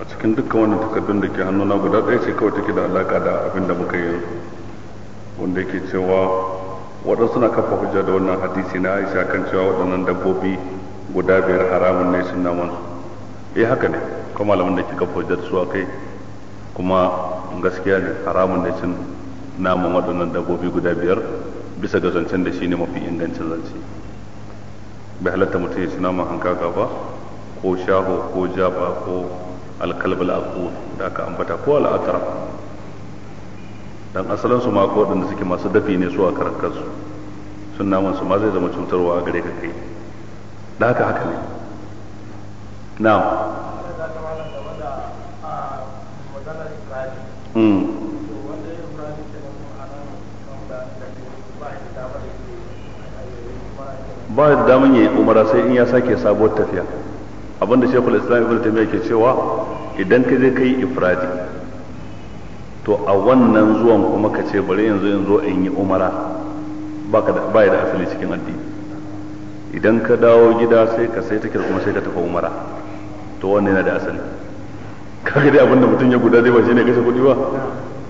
a cikin dukkan wannan takardun da ke hannuna guda ɗaya ce kawai take da alaƙa da abin da muka yi wanda yake cewa waɗansu na kafa hujja da wannan hadisi na aisha kan cewa waɗannan dabbobi guda biyar haramun ne sun naman eh haka ne kuma malamin da ke kafa hujja da su a kai kuma gaskiya ne haramun ne sun naman waɗannan dabbobi guda biyar bisa ga zancen da shi ne mafi ingancin zance bai halatta mutum ya ci naman hankaka ba ko shaho ko jaba ko alkalb al'aqul da aka ambata ko al'akara dan asalin su ma ko wadanda suke masu dafi ne su a karan sun naman su ma zai zama cutarwa a gare ka kai da haka haka ne na'am hmm. ba da daman ya yi umara sai in ya sake sabuwar tafiya abinda shekul islam ibn taymiya ke cewa idan ka je kai ifradi to a wannan zuwan kuma ka ce bari yanzu in zo in yi umara baka da bai da asali cikin addini idan ka dawo gida sai ka sai take kuma sai ka tafi umara to wannan yana da asali kaga dai abinda mutum ya guda zai ba shine kashe kuɗi ba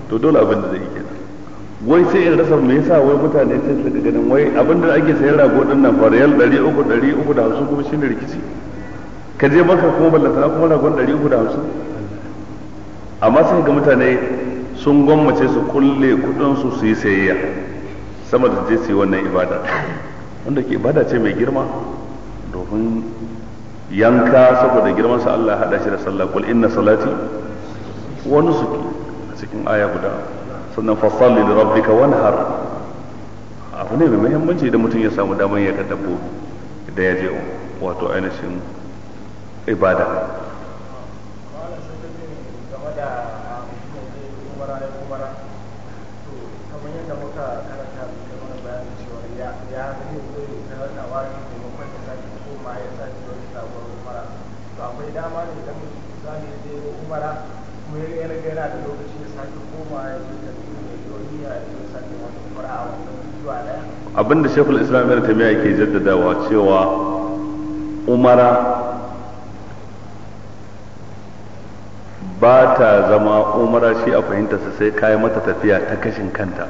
to dole abinda zai yi kenan wai sai in rasa me yasa wai mutane sai su ga ganin wai abinda ake sayar rago din nan fa riyal 300 350 kuma shine rikici ka je maka kuma ballantana kuma ragon ɗari uku da hamsin amma sai ga mutane sun gwammace su kulle kuɗinsu su yi sayayya sama da je su yi wannan ibada wanda ke ibada ce mai girma domin yanka saboda girmansa Allah haɗa shi da sallah kul inna salati wa nusuki a cikin aya guda sannan salli da rabbika wanhar abu ne mai muhimmanci idan mutum ya samu damar ya ta dabbo da ya je wato ainihin ibada abinda shekul islam ya tabiya ke jaddadawa cewa umara ba ta zama umara shi a fahimtarsa sai kayi mata tafiya ta kashin kanta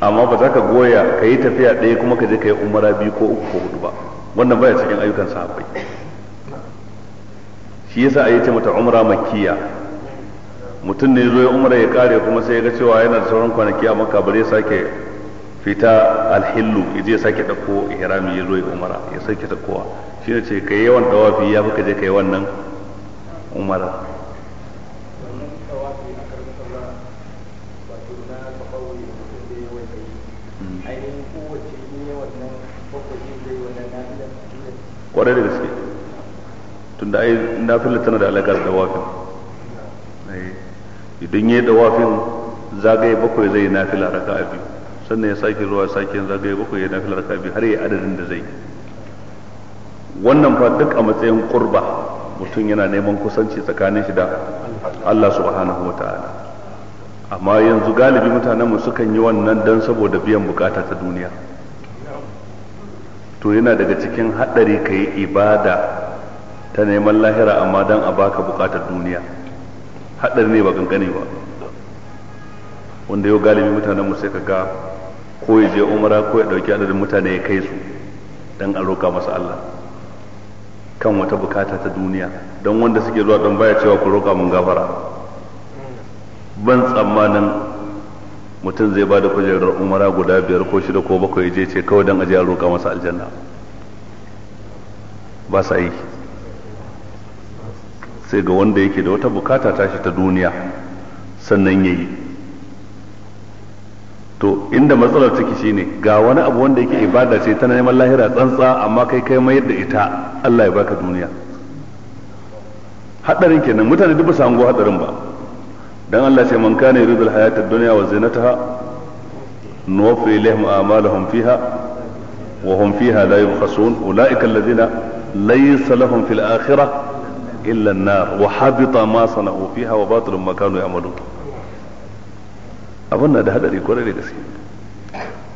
amma ba za ka goya ka yi tafiya ɗaya kuma ka je ka yi umara biyu ko uku ko hudu ba wannan baya cikin ayyukan sahabbai shi yasa a yi ce mata umara makiya mutum ne zo ya umara ya kare kuma sai ya ga cewa yana da sauran kwanaki a maka bare sake fita alhillu ya je sake ɗauko ihrami ya zo ya umara ya sake ɗaukowa shi ne ce ka yi yawan dawafi ya fi ka je ka yi wannan Umar. kwarai da gaske tun da na nafila tana da alaƙa da wafin idan ya yi da wafin zagaye bakwai zai yi nafila raka a biyu sannan ya sake zuwa sake zagaye bakwai ya nafila raka a biyu har yi adadin da zai wannan fa duk a matsayin kurba mutum yana neman kusanci tsakanin shi da Allah subhanahu wa ta'ala amma yanzu galibi mutanen sukan yi wannan dan saboda biyan bukata ta duniya to yana daga cikin haɗari ka yi ibada ta neman lahira amma dan a baka bukatar duniya haɗari ne ba gangane ba wanda yau galibi mutanen sai ka ga ko ya je umara ko ya ɗauki adadin mutane ya kai su dan a roka masa Allah kan wata bukata ta duniya don wanda suke zuwa don baya cewa ku roƙa mun gafara ban tsammanin mutum zai ba da kujerar umara guda biyar ko shida ko bakwai je ce kawai don ajiyar roƙa masa aljanna ba sa yi sai ga wanda yake da wata bukata tashi ta duniya sannan ya yi to inda matsalar take ne ga wani abu wanda yake ibada ce tana neman lahira tsantsa amma kai kai mayar da ita Allah ya baka duniya hadarin kenan mutane duk ba su hango hadarin ba dan Allah sai man kana yuridu alhayata ad-dunya wa zinataha nuwaffi ilayhim a'malahum fiha wa hum fiha la yubkhasun ulaika alladhina laysa lahum fil akhirah illa an-nar wa habita ma sana'u fiha wa batilun ma kanu ya'malun abin na da hadari kwarai da gaske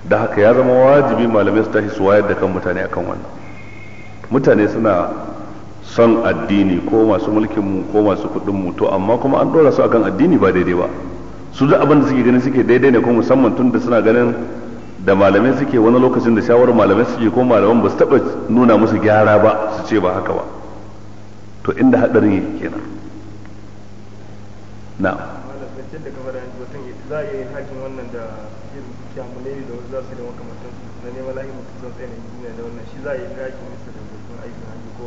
da haka ya zama wajibi malamai su tashi su wayar da kan mutane akan wannan mutane suna son addini ko masu mulkin mu ko masu kuɗin mu to amma kuma an dora su akan addini ba daidai ba su da abin da suke ganin suke daidai ne ko musamman tun da suna ganin da malamai suke wani lokacin da shawarar malamai suke ko malaman ba su taɓa nuna musu gyara ba su ce ba haka ba to inda haɗarin yake kenan na'am zancen da kamar yanzu watan za a iya yin hakin wannan da irin kyamulai da wasu za su da makamantan su na neman lahi mutum zan tsaye na da wannan shi za a yi hakin nisa da mutum aikin haji ko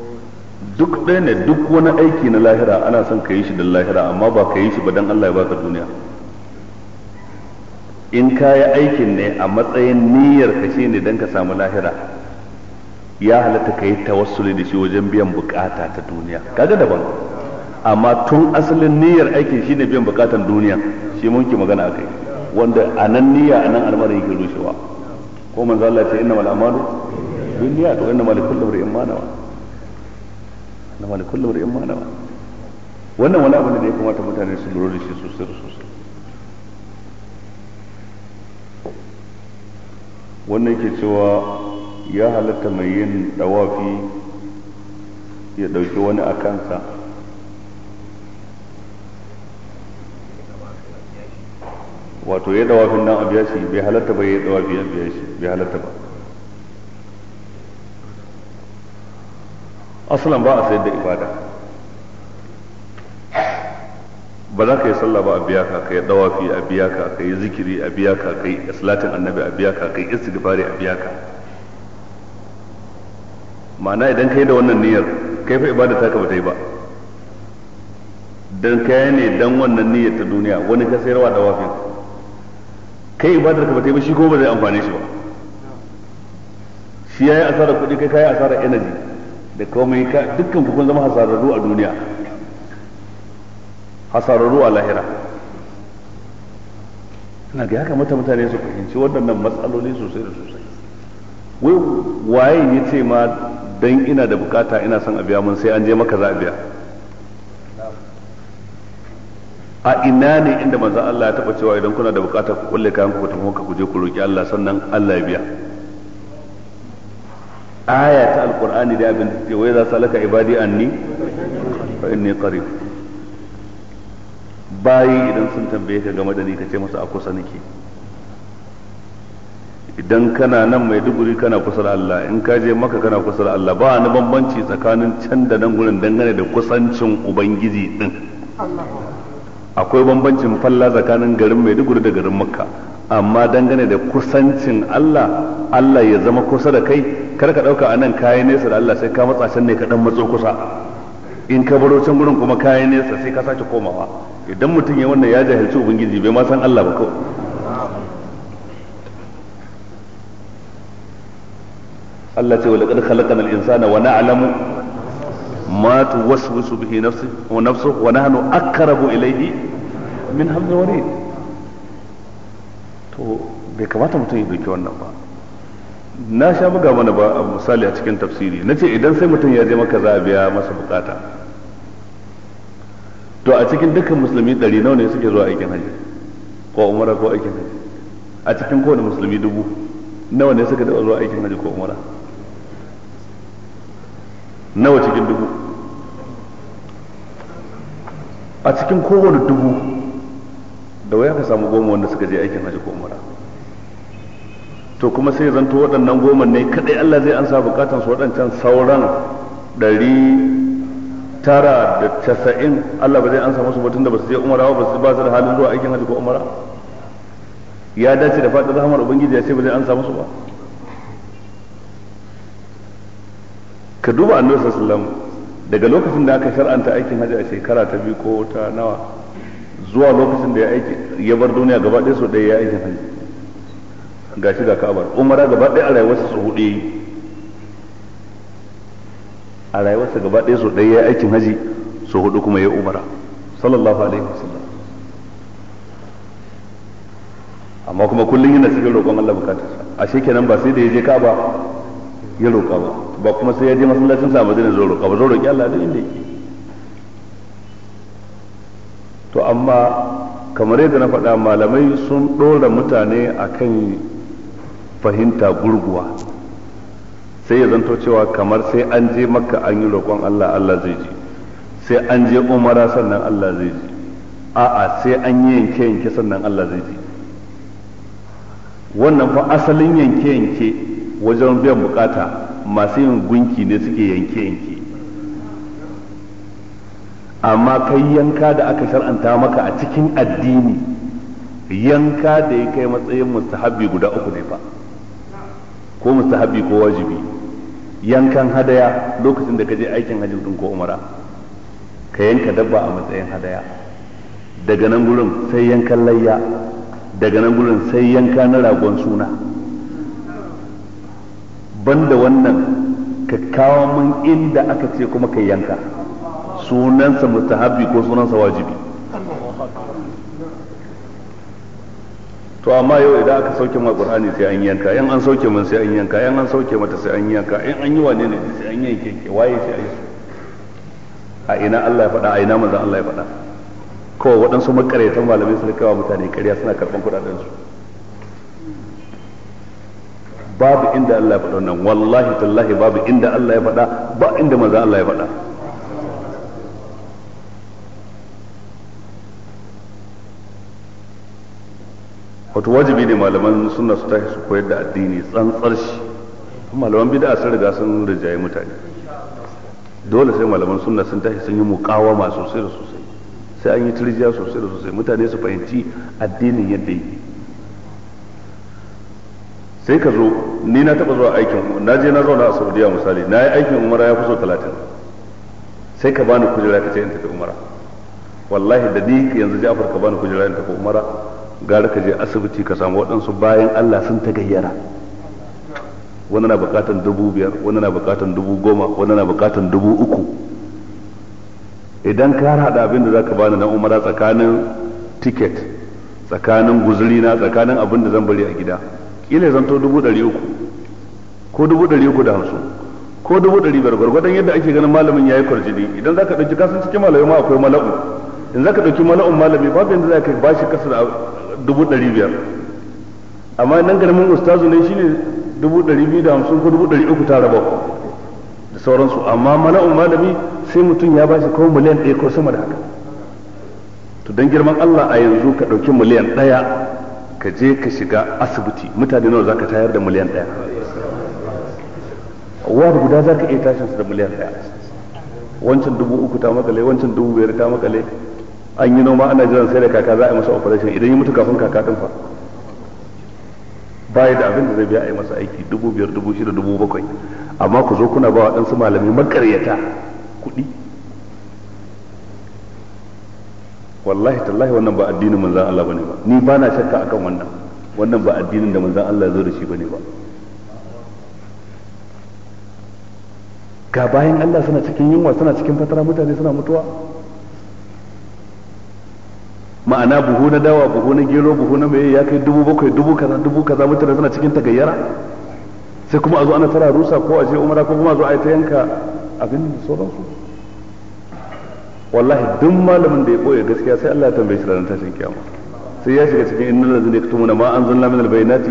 duk ɗaya ne duk wani aiki na lahira ana son ka yi shi da lahira amma ba ka yi shi ba dan Allah ya baka duniya in ka yi aikin ne a matsayin niyyar ka shi ne dan ka samu lahira ya halatta ka yi tawassuli da shi wajen biyan bukata ta duniya kaga daban amma tun asalin niyyar aikin shine biyan bukatan duniya shi mun ki magana akai wanda anan niyya anan al'amari yake rushewa ko manzo Allah ce innamal a'malu binniyat wa innamal likulli imrin ma nawa innamal likulli imrin ma nawa wannan wani abu ne da ya kamata mutane su lura da shi sosai sosai wannan ke cewa ya halatta mai yin dawafi ya dauki wani a kansa wato ya dawafin nan a biya shi bai halatta ba ya dawafi a biya shi bai halatta ba asalan ba a sayar da ibada ba za ka yi sallah ba a biya ka kai dawafi a biya ka kai zikiri a biya ka kai salatin annabi a biya ka kai istighfari a biya ka ma'ana idan kai da wannan niyyar kai fa ibada ta kaba ba ta yi ba dan kai ne dan wannan niyyar ta duniya wani ka sayarwa dawafin kai ibadar ka ba ta yi ba shi ko ba zai amfane shi ba shi ya yi asarar kuɗi kai kai asarar energy da komai ka dukkan kukun zama hasararru a duniya hasararru a lahira na ga ya kamata mutane su fahimci waɗannan matsaloli sosai da sosai wai waye ya ce ma dan ina da bukata ina son a biya mun sai an je maka za a biya a ina ne inda manzo Allah ya taba cewa idan kuna da bukata ku kulle kayan ku tafi ku je ku roki Allah sannan Allah ya biya aya ta alqur'ani da abin da wai za salaka ibadi anni fa inni qarib bayi idan sun tambaye ka game da ni ka ce musu a kusa nake idan kana nan mai duguri kana kusa da Allah in ka je maka kana kusa da Allah ba ni bambanci tsakanin can da nan gurin dangane da kusancin ubangiji din akwai bambancin falla tsakanin garin Maiduguri da garin Makka amma dangane da kusancin Allah Allah ya zama kusa da kai kar ka dauka anan kayan nesa da Allah sai ka matsa can ne ka dan matso kusa in ka baro can gurin kuma kayan nesa sai ka sake komawa idan mutum ya wannan ya jahilci ubangiji bai ma san Allah ba ko. Allah ce wa laqad khalaqana al-insana wa na'lamu ma tuwaswisu bihi nafsi wa nafsu wa nahnu aqrabu ilayhi min hamza warid to bai kamata mutum ya dauki wannan ba na sha buga mana ba misali a cikin tafsiri na ce idan sai mutum ya je maka za a biya masa bukata to a cikin dukkan musulmi ɗari nawa ne suke zuwa aikin hajji ko umara ko aikin hajji a cikin kowane musulmi dubu nawa ne suka zuwa aikin hajji ko umara nawa cikin dubu a cikin kowane dubu da waya ka samu goma wanda suka je aikin hajji ko umara to kuma sai zanto waɗannan goma ne kadai Allah zai ansa bukatan su waɗancan sauran ɗari tara da casa'in Allah ba zai ansa musu batun da ba su je umara ba su ba su da halin zuwa aikin hajji ko umara ya dace da faɗin rahamar ubangiji ya ce ba zai ansa musu ba ka duba annabi sallallahu alaihi daga lokacin da aka shar'anta aikin haji a shekara ta biyu ko ta nawa zuwa lokacin da ya aiki ya bar duniya gaba ɗaya so ɗaya ya aikin ga shi ga kabar umara gaba ɗaya a rayuwarsa su huɗe, yi a rayuwarsa gaba ɗaya so ɗaya ya aikin haji su huɗu kuma ya umara sallallahu alaihi wasallam amma kuma kullum yana cikin roƙon Allah bukatarsa ashe kenan ba sai da ya je Ka'aba ya roƙa ba ba kuma sai ya je masallacin sa Madina zai roƙa ba zo roƙi Allah da inda yake to amma kamar yadda na faɗa malamai sun ɗora mutane akan fahimta gurguwa sai ya zanto cewa kamar sai an je makka an yi roƙon Allah Allah zai ji sai an je umara sannan Allah zai ji a'a sai an yi yanke yanke sannan Allah zai ji wannan fa asalin yanke yanke wajen biyan bukata masu yin gunki ne suke yanke-yanke amma kai yanka da aka shar'anta maka a cikin addini yanka da ya kai matsayin mustahabbi guda uku ne fa ko mustahabbi ko wajibi yankan hadaya lokacin da ka je aikin hajji din ko umara ka yanka dabba a matsayin hadaya daga nan gurin sai yankan layya daga nan gurin sai yanka na ragon suna banda wannan ka kawo mun inda aka ce kuma ka yanka sunansa mustahabi ko sunansa wajibi to amma yau idan aka sauke ma qur'ani sai an yanka in an sauke mun sai an yanka in an sauke mata sai an yanka in an yi wane ne sai an yanke ke waye sai an a ina Allah ya faɗa a ina manzon Allah ya faɗa ko waɗansu makaraitan malamai sun kawo mutane ƙarya suna karɓan kuɗaɗen su babu inda Allah ya faɗa wannan wallahi tallahi babu inda Allah ya faɗa ba inda maza Allah ya faɗa wato wajibi ne malaman suna su tashi su koyar da addini tsantsar shi malaman bid'a sun riga sun rijaye mutane dole sai malaman suna sun tashi sun yi muqawama sosai da sosai sai an yi tirjiya sosai da sosai mutane su fahimci addinin yadda yake sai ka zo ni na taba zuwa aikin na je na zauna a Saudiya misali na yi aikin umara ya so talatin sai ka bani kujera ka ce in tafi umara wallahi da ni yanzu Ja'far ka bani kujera in tafi umara gara ka je asibiti ka samu waɗansu bayan Allah sun ta gayyara wani na bukatan dubu biyar wani na bukatan dubu goma wani na bukatan dubu uku idan ka hada abin da zaka bani na umara tsakanin tiket tsakanin guzuri na tsakanin abin da zan bari a gida zan to dubu ɗari uku ko dubu ɗari uku da hamsin ko dubu ɗari biyar gwargwadon yadda ake ganin malamin ya yi kwarjini idan za ka ɗauki kasan cikin malamai ma akwai mala'u in za ka ɗauki mala'un malami babu yadda za ka ba shi kasa da dubu ɗari biyar amma nan garmin ustazu ne shine dubu ɗari biyu da hamsin ko dubu ɗari uku ta raba da sauransu amma mala'un malami sai mutum ya ba shi ko miliyan ɗaya ko sama da haka to don girman Allah a yanzu ka ɗauki miliyan ɗaya ka je ka shiga asibiti mutane nawa zaka tayar da miliyan ɗaya wani guda za ka iya tashin su da miliyan ɗaya wancan dubu uku ta makale wancan dubu biyar ta makale an yi noma ana jiran sai da kaka za a yi masa operation idan yi mutu kafin kaka ɗin fa bayan da abin da zai biya a yi masa aiki dubu biyar dubu shida dubu bakwai amma ku zo kuna ba wa ɗansu malamai makaryata kuɗi wallahi tallahi wannan ba addinin manzon Allah bane ba ni ba na shakka akan wannan wannan ba addinin da manzon Allah ya zo da shi bane ba ga bayan Allah suna cikin yunwa suna cikin fatara mutane suna mutuwa ma'ana buhu na dawa buhu na gero buhu na mai ya kai dubu bakwai dubu kaza dubu kaza mutane suna cikin tagayyara sai kuma a zo ana tara rusa ko a je umara ko kuma a zo a yi ta yanka abin sauransu wallahi duk malamin da ya boye gaskiya sai Allah ya tambaye shi ranar tashin kiyama sai ya shiga cikin innal ladzina yaktumuna ma anzalna minal bayinati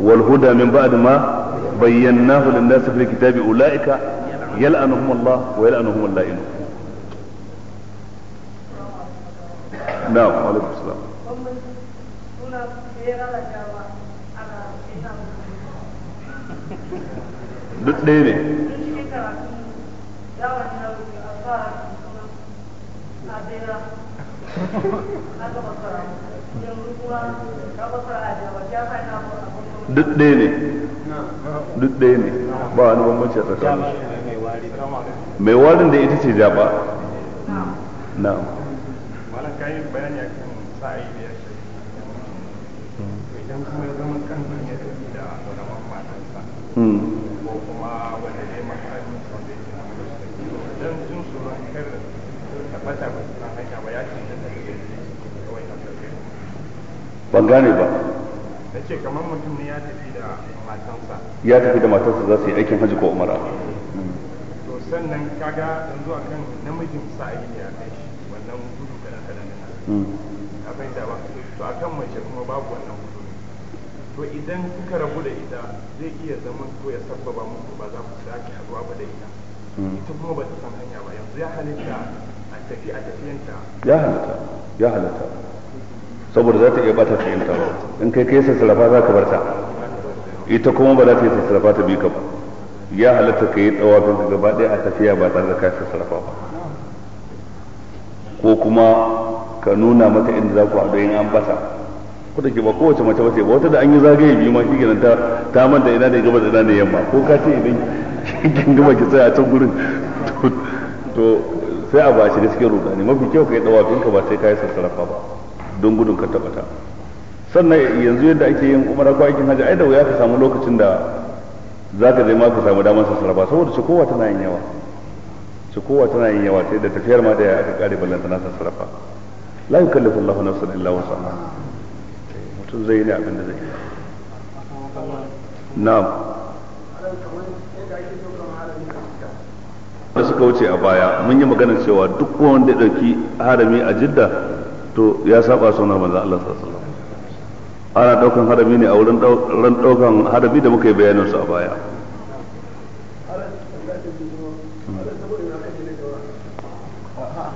wal huda min ba'd ma bayyanahu lin nas fil kitabi ulaika yal'anuhum Allah wa yal'anuhum al-la'in na'am alaikum salam duk ɗaya ne duk ɗaya ne duk ɗaya ne ba wani a tsakanin mai warin da ita ce jaba na da ya ban gane ba ce kamar mutum ne ya tafi da matansa ya tafi da matansa za su yi aikin hajji ko umara to sannan kaga dan zuwa kan namijin sa'i ne a kai shi wannan gudu kadan kadan ne hmm. ka da ba to a kan mace kuma babu wannan gudu to idan kuka rabu da ita zai iya zama ko ya sabbaba muku ba za ku sake haduwa ba da ita hmm. ita kuma ba ta san hanya ba yanzu ya halitta ya halatta ya halatta saboda za ta iya bata ta ba in kai kai sassarafa za ka barta ita kuma ba za ta yi sassarafa ta bi ka ba ya halatta ka yi tsawa don gaba ɗaya a tafiya ba tare da ka sassarafa ba ko kuma ka nuna mata inda za ku haɗu in an bata ko da ke ba kowace mace mace ba wata da an yi zagaye biyu ma shi ta ta manta ina ne da ina ne yamma ko ka ce idan kin gama ki tsaya a can gurin to sai a bashi da suke rudani mafi kyau ka yi dawafin ka ba sai ka yi sassarafa ba don gudun ka tabbata sannan yanzu yadda ake yin umara ko aikin hajji ai da wuya ka samu lokacin da za ka je ma ka samu damar sassarafa saboda shi kowa tana yin yawa shi kowa tana yin yawa ta da tafiyar ma da ya aka kare ballanta na sassarafa la yukallifu Allahu nafsan illa wusaha mutum zai yi ne abin da zai yi na'am da suka wuce a baya mun yi magana cewa duk wanda ya dauki harami a jidda to ya saba suna manzo Allah sallallahu alaihi wasallam ana daukan harami ne a wurin ran daukan harami da muka yi bayanin su a baya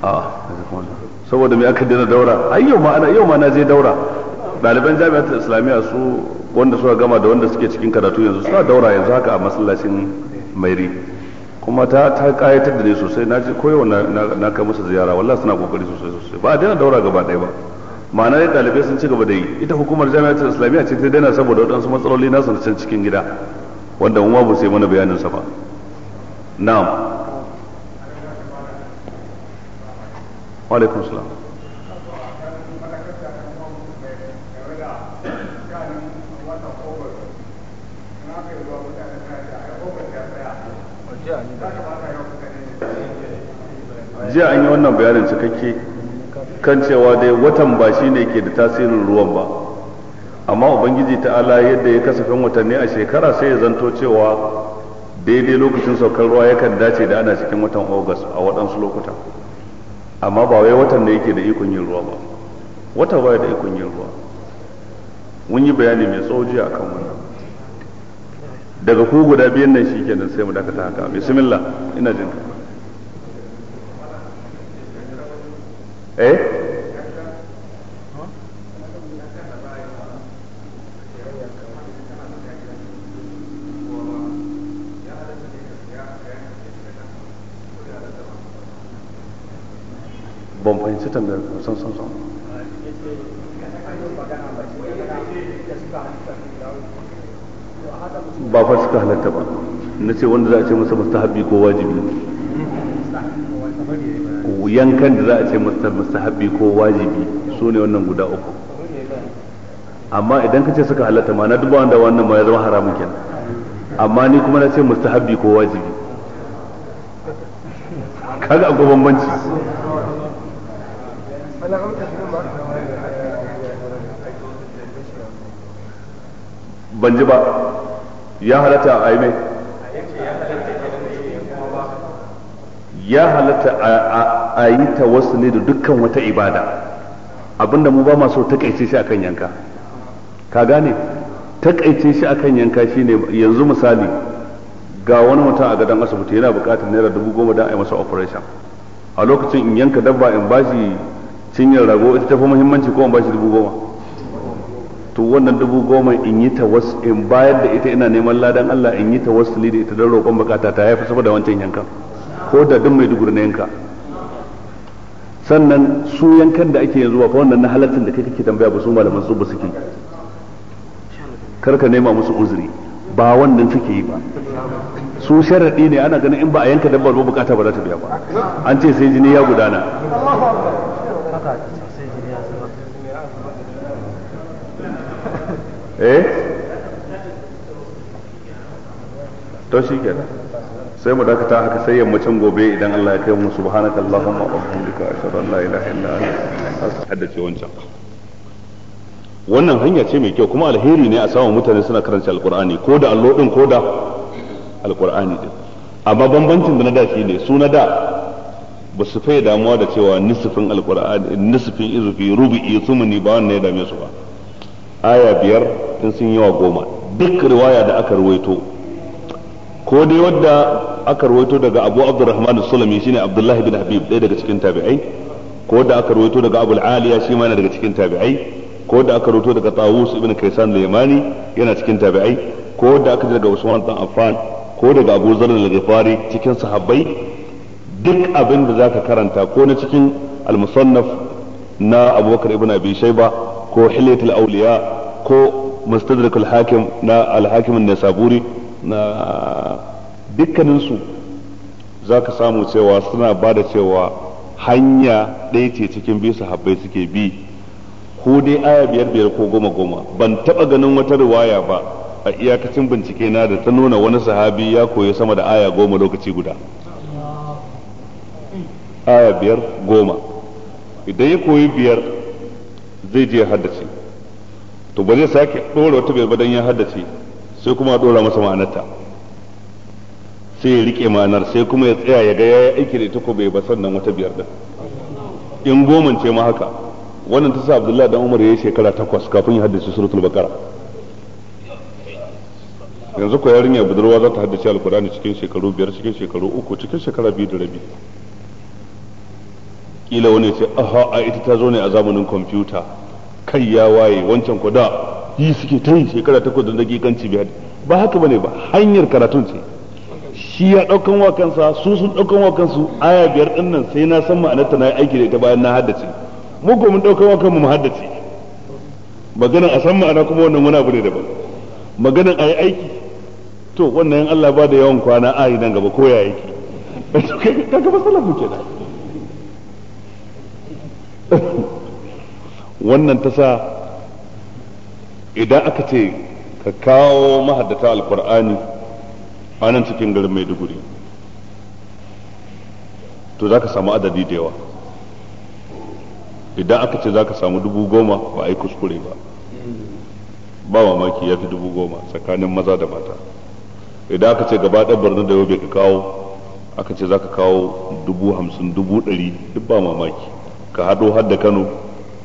ah, saboda me aka dena daura ai yau ma ana yau ma na je daura ɗaliban jami'atul islamiyya su wanda suka gama da wanda suke cikin karatu yanzu suna daura yanzu haka a masallacin mairi kuma ta ta kayatar da ni sosai na ji koyo na na kai masa ziyara wallahi suna kokari sosai sosai ba a daina daura gaba ɗaya ba ma'ana dai ɗalibai sun ci gaba da yi ita hukumar jami'atul islamiyya ce ta daina saboda waɗansu matsaloli na na can cikin gida wanda mu ba sai mana bayanin sa ba na'am wa alaikum salam jiya an yi wannan bayanin cikakke kan cewa dai watan ba shi ne ke da tasirin ruwan ba amma ubangiji ta ta'ala yadda ya kasafin watanni a shekara sai ya zanto cewa daidai lokacin saukar ruwa yakan dace da ana cikin watan August a waɗansu lokuta amma ba wai watan da yake da ikon yin ruwa ba wata baya da ikon yin ruwa mun yi bayani mai tsawo jiya akan wannan daga ku guda biyan nan shi kenan sai mu dakata haka bismillah ina jin ka eh ban fahimci tambayar ku san san san ba fa suka halatta ba na ce wanda za a ce masa mustahabbi ko wajibi yankan da za a ce masa mustahabbi ko wajibi su ne wannan guda uku amma idan ka ce suka halatta ma na duba wanda wannan ma ya zama haramun kenan amma ni kuma na ce mustahabbi ko wajibi kaga akwai bambanci ban ji ba ya halatta a yi ya halatta a yi ne da dukkan wata ibada abinda mu ba masu so takaice shi akan yanka ka gane takaice shi akan yanka shine yanzu misali ga wani mutum a gadon asibiti yana bukatar naira dubu goma don a yi masa operation a lokacin in yanka dabba in bashi cinyar rago ita tafi muhimmanci ko in bashi dubu goma to wannan dubu goma in yi ta wasu in bayar da ita ina neman ladan Allah in yi ta wasu da ita don roƙon bukata ta haifa saboda wancan yankan ko da duk mai dugur na yanka sannan su yankan da ake yanzu ba wannan na halattin da kai kake tambaya ba su malaman su ba suke karka nema musu uzuri ba wannan suke yi ba su sharaɗi ne ana ganin in ba a yanka dabbar ba bukata ba za ta biya ba an ce sai jini ya gudana eh to shi kenan sai mu dakata haka sai yammacin gobe idan Allah ya kai mu subhanaka allahumma wa bihamdika ashhadu an la ilaha illa anta haddace wancan wannan hanya ce mai kyau kuma alheri ne a samu mutane suna karanta alqur'ani ko da allo din ko da alqur'ani din amma bambancin da na da shi ne su na da ba su fai damuwa da cewa nisfin alqur'ani nisifin izufi rubi'i sumuni ba wannan ya dame su ba aya biyar sittin sun yawa goma duk riwaya da aka ruwaito ko dai wadda aka ruwaito daga abu abdurrahman sulami shine abdullahi bin habib ɗaya daga cikin tabi'ai ko da aka ruwaito daga abul aliya shi ma yana daga cikin tabi'ai ko da aka ruwaito daga tawus ibn kaisan al yana cikin tabi'ai ko da aka daga usman dan affan ko daga abu zar al-ghifari cikin sahabbai duk abin da zaka karanta ko na cikin al-musannaf na abubakar ibn abi shayba ko hilyatul awliya ko mustadrak al-hakim na al an na dukkanin su zaka samu cewa suna bada cewa hanya ɗaya ce cikin biyu sahabai suke bi ko dai aya biyar biyar ko goma goma ban taba ganin wata riwaya ba a iyakacin bincike na da ta nuna wani sahabi ya koyi sama da aya goma lokaci guda aya biyar goma idan ya koyi biyar zai je haddace to ba zai sake dora wata bai badan ya haddace sai kuma a dora masa ma'anarta sai ya rike ma'anar sai kuma ya tsaya ya ga ya aiki da ita ko bai ba nan wata biyar da in goman ce ma haka wannan ta sa Abdullahi dan Umar ya yi shekara takwas kafin ya haddace suratul baqara yanzu ko yarinya budurwa za ta haddace alkurani cikin shekaru biyar cikin shekaru uku cikin shekara biyu da rabi kila wani ce aha a ita ta zo ne a zamanin kwamfuta kai ya waye wancan ko da yi suke ta yi shekara takwas don dakikanci biyar ba haka bane ba hanyar karatun ce shi ya daukan wa kansa su sun daukan wa kansu aya biyar din nan sai na san ma'anar ta na aiki da ita bayan na haddace mu ko mun daukan wa kanmu mu haddace maganar a san ma'ana kuma wannan wani abu ne daban maganar a yi aiki to wannan in Allah ba da yawan kwana a yi nan gaba ko ya aiki kaga masalafu kenan wannan ta sa idan aka ce ka kawo mahaddata alkur'ani a nan cikin garin maiduguri to za ka samu adadi da yawa idan aka ce za ka samu dubu goma ba a yi kuskure ba ba mamaki ya fi dubu goma tsakanin maza da mata idan aka ce gaba ɗan birnin da bai ka kawo aka ce za ka kawo dubu hamsin dubu ɗari duk ba mamaki ka haɗo har da kano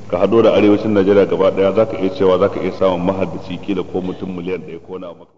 ka hado da arewacin Najeriya gaba daya zaka iya cewa ka iya samun mahaddaci kila ko mutum miliyan ɗaya ko na